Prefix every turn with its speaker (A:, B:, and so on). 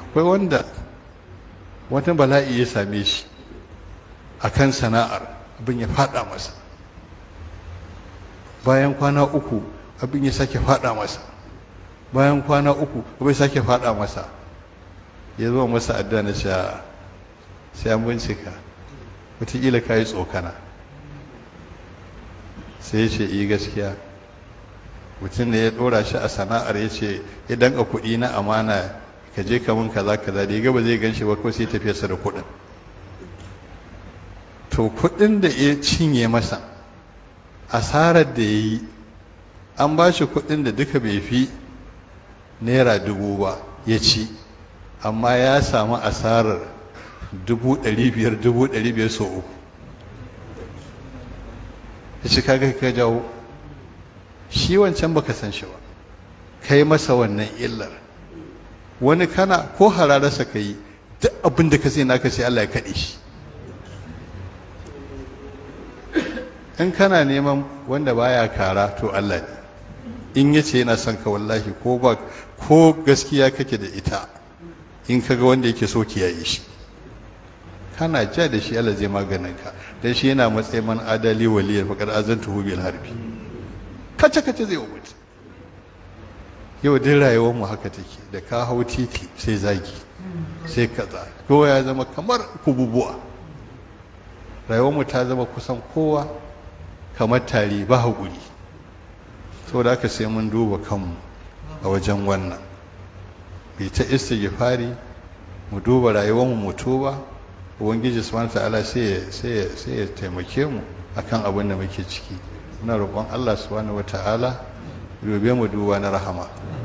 A: akwai wanda wata bala'i ya same shi a kan sana'ar abin ya fada masa bayan kwana uku abin ya sake fada masa bayan kwana uku abin ya sake fada masa ya zuwa masa adda na sha sai an bincika watakila ka yi tsokana sai ya ce yi eh, gaskiya mutum da ya ɗora shi a sana'ar ya ce idan a kuɗi na amana ka je ka mun kaza kaza da ya ba zai ganshi ba ko sai tafiya sa da kuɗin to kuɗin da ya cinye masa asarar da ya yi an ba shi kuɗin da duka bai fi naira dubu ba ya ci amma ya samu asarar dubu ɗari biyar dubu ɗari biyar sau uku ya ci kaga ka jawo shi wancan baka san shi ba kai masa wannan illar wani kana ko hararsa ka yi duk abin da ka sai naka sai Allah ya kaɗe shi in kana neman wanda baya kara to Allah ne in yace yana son ka wallahi ko ba ko gaskiya kake da ita in kaga wanda yake so yi shi kana ja da shi Allah zai maganin ka dan shi yana matsayin adali waliyar faqad azantu bil harbi kace kace zai wuce yau din rayuwar mu haka take da ka hau titi sai zagi sai kaza kowa ya zama kamar kububuwa rayuwar mu ta zama kusan kowa kamar tare ba haƙuri saboda aka sai mun duba kanmu a wajen wannan bai ta fari mu duba rayuwar mu ba ubangiji subhanahu ta'ala sai ya taimake mu akan abin da muke ciki muna roƙon Allah subhanahu wata'ala gobe mu duba na rahama